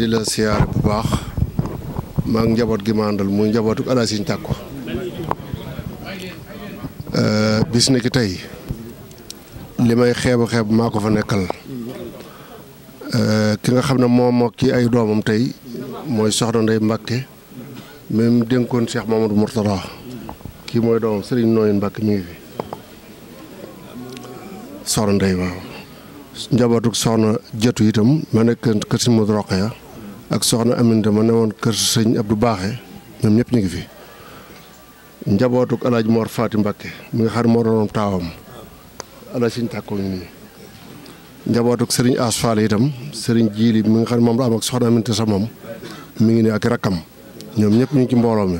di la siyaare bu baax maa njaboot gi ma àndal muy njabootu ala siñ tàkko bis ki tey li may xeebu xeeb maa ko fa nekkal euh, ki nga xam ne moom ak ci ay doomam tey mooy soxna Ndey Mbàkke même dénkoon Cheikh Mamadou Mourtada kii mooy doomam Serigne Nooyin Mbàkke mi ngi fi soxna Ndey waaw njabootuk soxna jëtu itam ma nekk kër si Modou Rokhaya ak soxna Aminta ma ne woon kër sëñ Abdou Baaxe ñoom ñëpp ñu ngi fi njabootuk alaaj moor Faati Mbakke mi nga xam ne moo doon taawam nii njabootuk sëriñ As Faal itam sëriñ Jiili mi nga xam moom la am ak soxna Aminta sa moom mi ngi nii ak rakkam ñoom ñëpp ñu ngi ci mbooloo mi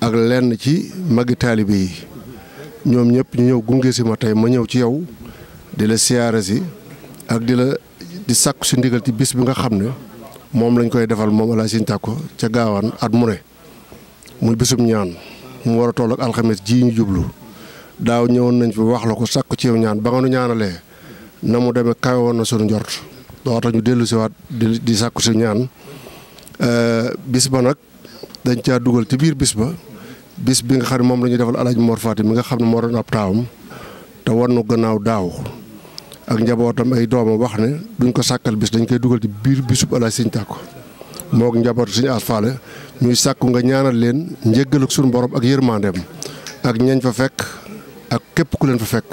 ak lenn ci magi taalibe yi ñoom ñëpp ñu ñëw gunge si ma tey ma ñëw ci yow di la siyaare si ak di la di sàkku si ndigal ci bis bi nga xam ne moom lañ koy defal moom El Hadj Sëñ ca gaawaan at mu ne muy bésub ñaan mu war a toll ak alxames ji ñu jublu daaw ñëwoon nañ fi wax la ko sàkk ci yow ñaan ba nga nu ñaanalee na mu demee kawe woon na suñu njort doota ñu dellu siwaat di di sàkku si ñaan euh, bis ba nag dañ caa dugal ci biir bis ba bis bi nga xam ne moom la ñuy defal El Hadj Mor mi nga xam ne moo doon ab taawam te war nu gannaaw daaw. ak njabootam ay doomam wax ne duñ ko sàkkal bis dañ koy dugal ci biir bisub Alaaji Sëñ Tàkko moo ak njaboot Sëñ Ass Fall ñuy sàkku nga ñaanal leen njëggal ak suñu borom ak yërmandeem ak ñañ fa fekk ak képp ku leen fa fekk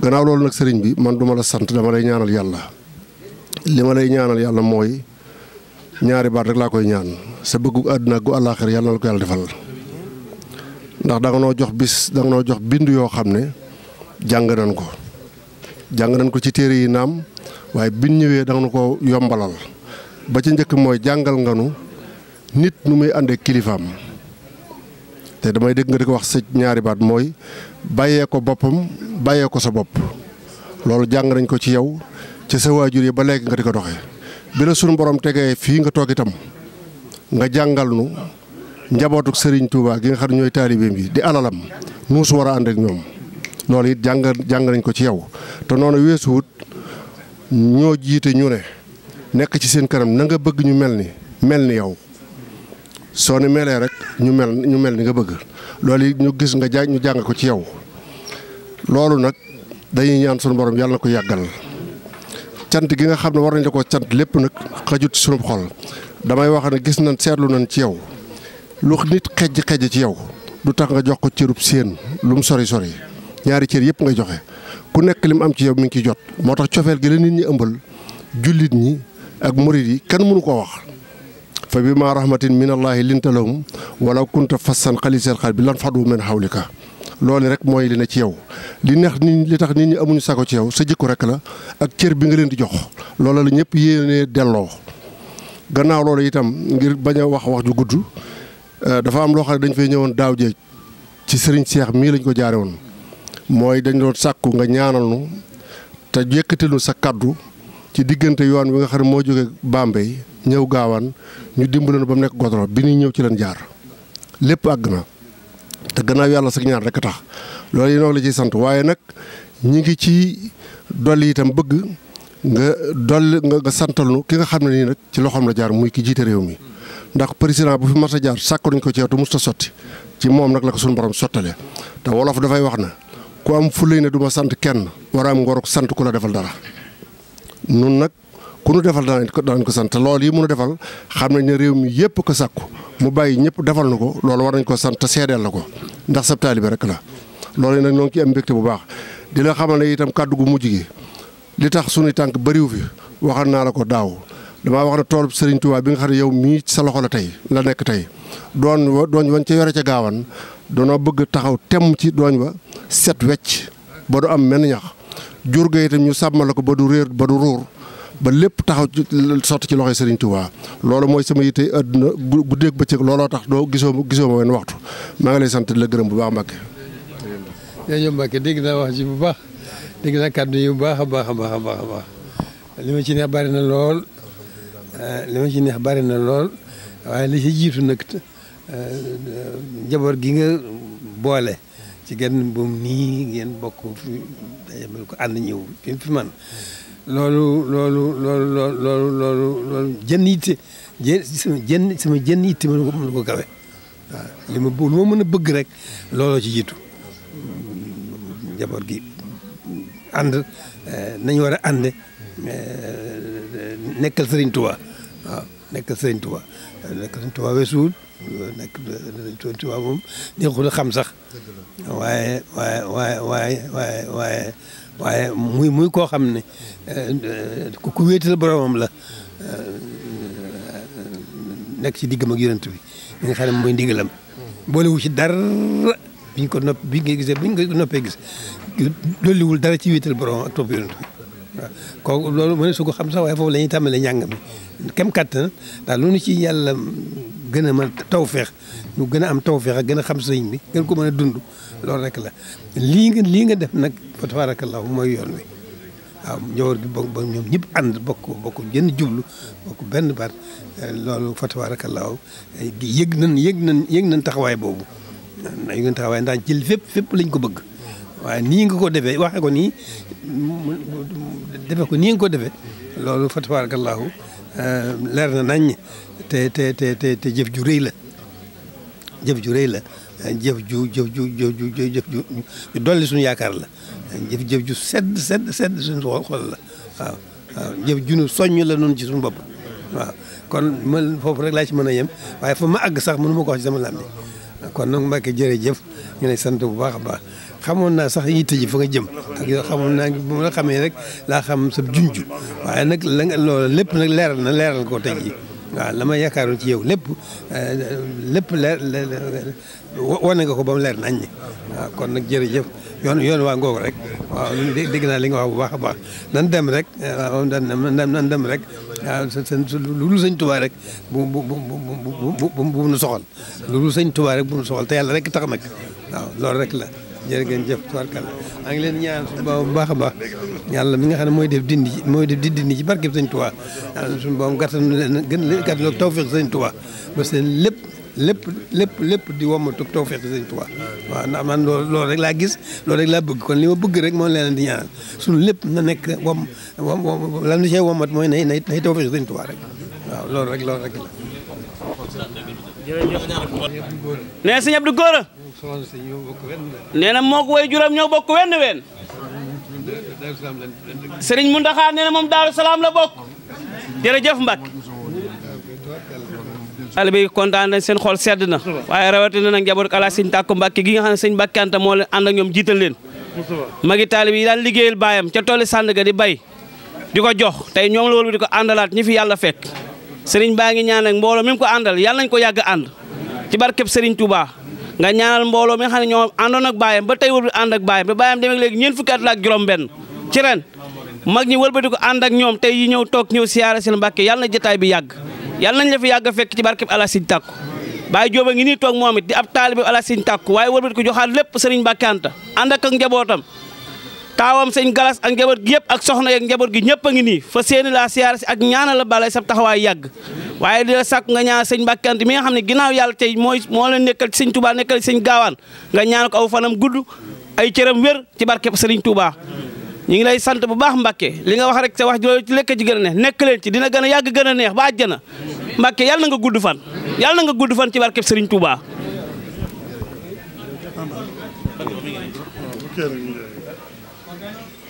gannaaw loolu nag sëriñ bi man duma la sant dama lay ñaanal yàlla li ma lay ñaanal yàlla mooy ñaari baat rek laa koy ñaan sa bëggu àdduna gu àllaaxira yàlla na la ko yàlla defal ndax da noo jox bis da noo jox bind yoo xam ne jàng ko jàng nañ ko ci téere yi naam waaye biñ ñëwee danga nu ko yombalal ba ci njëkk mooy jàngal nga nu nit nu muy àndeek kilifaam te damay dégg nga di ko wax si ñaari baat mooy bàyyee ko boppam bàyyee ko sa bopp loolu jàng nañ ko ci yow ci sa waajur yi ba léegi nga di ko doxe bi la sunu borom tegee fii nga toog itam nga jàngal nu njabootu Serigne Touba gi nga xam ne ñooy taalibeem yi di alalam nuus war a àndeek ñoom. loolu it jàng jàng nañ ko ci yow te noonu weesuwut ñoo jiite ñu ne nekk ci seen kanam na nga bëgg ñu mel ni mel ni yow soo ni melee rek ñu mel ñu mel ni nga bëgg loolu it ñu gis nga jàng jàng ko ci yow loolu nag dañuy ñaan sunu borom yàlla na ko yàggal cant gi nga xam ne war nañ la ko cant lépp nag xajut ci sunu xol damay wax ne gis nañ seetlu nañ ci yow lu nit xejj xejj ci yow du tax nga jox ko cërub séen lu mu sori sori. ñaari cër yëpp ngay joxe ku nekk li mu am ci yow mi ngi ciy jot moo tax cofeel gi la nit ñi ëmbal jullit ñi ak murit yi kenn mënu koo wax fa bi ma rahmatin min allaahi linta lahum wala kunta fassan xaliseel xal bi lan fadu min xawlika loolu rek mooy li ne ci yow li neex nit li tax nit ñi amuñu sago ci yow sa jikko rek la ak cër bi nga leen di jox loola la ñëpp yéenee delloo gannaaw loolu itam ngir bañ a wax wax ju gudd euh, dafa am loo xam ne dañ fay ñëwoon daaw jeej ci sëriñ Seex mii lañ ko jaare woon mooy dañ doon sàkku nga ñaanal nu te yëkkatilu sa kàddu ci diggante yoon wi nga xam ne moo jóge Bambey ñëw gaawaan ñu dimbaloon ba mu nekk Godoro bi nuy ñëw ci leen jaar lépp àgg na te gannaaw yàlla sax ñaar rek tax loolu yi noo la ciy sant waaye nag ñi ngi ci dolli itam bëgg nga dolli nga santal nu ki nga xam ne nii nag ci loxoom la jaar muy ki jiite réew mi ndax président bu fi mas a jaar sàkku nañ ko ci wetu mosut a sotti ci moom nag la ko suñu borom sottalee te wolof dafay wax na. ku am fulay ne duma sant kenn war a am ngor sant ku la defal dara nun nag ku nu defal danañ ko danañ ko sant loolu yi mu nu defal xam nañ ne réew mi yëpp ko sàkku mu bàyyi ñëpp defal na ko loolu war nañ ko sant te seedeel la ko ndax sab taalibe rek la loolu nag ñoo ngi ciy am mbégte bu baax dina la xamal ne itam kàddu gu mujj gi li tax suñuy tànk bëriwu fi waxal naa la ko daaw damaa wax ne toolub Serigne Touba bi nga xam ne yow mii sa loxo la tey la nekk tey doon wa dooñ wañ ca yore ca gaawan danoo bëgg taxaw temm ci dooñ wa set wecc ba du am menn ñax jur ga itam ñu sàmmala ko ba du réer ba du ruur ba lépp taxaw ci sotti ci loxoy Serigne Touba loolu mooy sama yitte àdduna guddeeg bëccëg looloo tax doo gisoo gisoo ma wenn waxtu maa ngi lay sant la gërëm bu baax Mbacke. jërëjëf Mbacke dégg naa wax ji bu baax dégg naa kàddu bu baax a baax a baax a baax li ma ci neex bari na lool eh, li ma ci neex bari na lool waaye li ci jiitu nag eh, njaboot gi nga boole. ci gen boom nii ngeen bokk fi dajamal ko ànd ñëw fi fi loolu loolu loolu loolu loolu loolu loolu jën itte jën sama jën sama ko mën kawe ma lu ma mën a bëgg rek looloo ci jiitu njaboot gi ànd eh, nañu war a ànd eh, nekkal Sëriñ Tuubaa nekk sëñ Tuba nekk sëñ Tuba weesuwul nekk sëñ Tuba moom neexul xam sax waaye waaye waaye waaye waaye waaye waaye muy muy koo xam ne eh, ku wéetal boromam la eh, nekk ci diggam ak yonent bi li nga xam ne mooy ndigalam boolewu ci dara biñ ko nopp biñ ko gisee biñ ci wéetal boromam ak topp yonent bi kooku loolu mën su ko xam sawaay waaye foofu la ñuy tàmbalee njàng mi kem kàttan daal lu nu ci yàlla gën a man taw feex ñu gën a am tawfeex ak gën a xam sëriñ bi gën ko mën a dund loolu rek la lii nga lii nga def nag fa tabarakallahu mooy yoon wi waaw njaboot gi bokk ba ñoom ñëpp ànd bokk bokk jënd jublu bokk benn baat eh, loolu fa tabarakallahu eh, yëg nañ yëg nañ yëg nañ taxawaay boobu ay nañ taxawaay ndax jël fépp fépp lañ ko bëgg waaye nii nga ko defee waxee ko nii defee ko nii nga ko defee loolu fa tabarakallahu euh, leer na nañ te te te te te jëf ju rëy la jëf ju rëy la jëf ju jëf ju jëf ju jëf ju dolli suñu yaakaar la jëf jëf ju sedd sedd la waaw waaw jëf ju la noonu ci suñu bopp waaw kon man foofu rek laa ci mën a yem waaye foo ma àgg sax mënu ma ko wax ci sama làmmiñ kon nag Mbacke jërëjëf ñu ne sant bu baax a baax xamoon naa sax yitte ji fa nga jëm ak yoo xamoon naa bu ma la xamee rek laa xam sa junj waaye nag la nga loolu lépp nag leeral na leeral ko tey jii waaw la ma yaakaaroon ci yow lépp eh, lépp leer wane nga ko ba mu leer nañ ñi kon nag jërëjëf yoon yoon waa ngoogu rek waaw dégg naa li nga wax bu baax a baax nan dem rek waaw nan dem rek waaw lu dul sëñ Tuubaa rek bu bu bu bu bu bu nu soxal lu dul sëñ Tuubaa rek bu nu soxal te yàlla rek tax nag waaw loolu rek la jërë ngeen jëf tubarkalla maa ngi leen ñaan suñu borom bu baax a baax nga xam ne mooy def dindi mooy def di dindi ci barkeb sëñ Tuubaa yàlla suñu borom gàttal leen gën leen gàttal tawfeex sëñ Tuubaa ba seen lépp di lépp lépp di womatu tawfeex sëñ Tuubaa waaw ndax man loolu loolu rek laa gis loolu rek laa bëgg kon li ma bëgg rek moom leen di ñaanal suñu lépp na nekk wom wom lan la see womat mooy nay nay nay tawfeex sëñ Tuubaa rek waaw loolu rek loolu rek la. nee na moo ko way juram ñoo bokk wenn ween sëriñ Muntaxa nee na moom Daaru Salaam la bokk jërëjëf Mbacke taalibe yi kontaan nañ seen xol sedd na waaye rawatina nag njaboot ala sëñ tàkko mbakk gi nga xam ne sëñ Mbacke Anta moo leen ànd ñoom jiital leen magi taalibe yi daal liggéeyal baayam ca tooli Sandaga di bay di ko jox tey ñoom loolu di ko àndalaat ñi fi yàlla fekk sëriñ baa ngi ñaan ak mbooloo mi ko àndal yàlla nañ ko yàgg ànd ci barkeb sëriñ Touba nga ñaanal mbooloo mi nga xam ne ñoo àndoon ak baayam ba tey wëlbati ànd ak baayam ba baayam demee léegi ñeent fukki at la ak juróom ren mag ñi wëlbati ko ànd ak ñoom tey yi ñëw toog ñëw siyaare seen mbàkke yàlla na jotaay bi yàgg yàlla nañ la fi yàgg fekk ci barkeb Alaaji Tàkku Baay Jóoba ngi nii toog moom it di ab taalibe Alaaji Tàkku waaye wëlbati ko joxaat lépp sëriñ Mbàkke Anta ànd ak njabootam taawam sëñ galas ak njaboot gi yëpp ak soxna ya njaboot gi ñëpp a ngi nii fa seeni laa siyaara si ak ñaanal la balay sa taxawaay yàgg waaye di la sàkku nga ñaanal sëñ Mbàkke Anta mi nga xam ne ginnaaw yàlla tey mooy moo la nekkal sëñ Touba nekkal sëñ gaawaan nga ñaanal ko aw fanam gudd ay cëram wér ci barkeb sëriñ Touba ñu ngi lay sant bu baax Mbàkke li nga wax rek sa wax loolu ci lekk ci gën a neex nekk leen ci dina gën a yàgg gën a neex ba àjjana Mbàkke yàlla nga gudd fan yàlla nga gudd fan ci barkeb sëriñ Touba Morgana.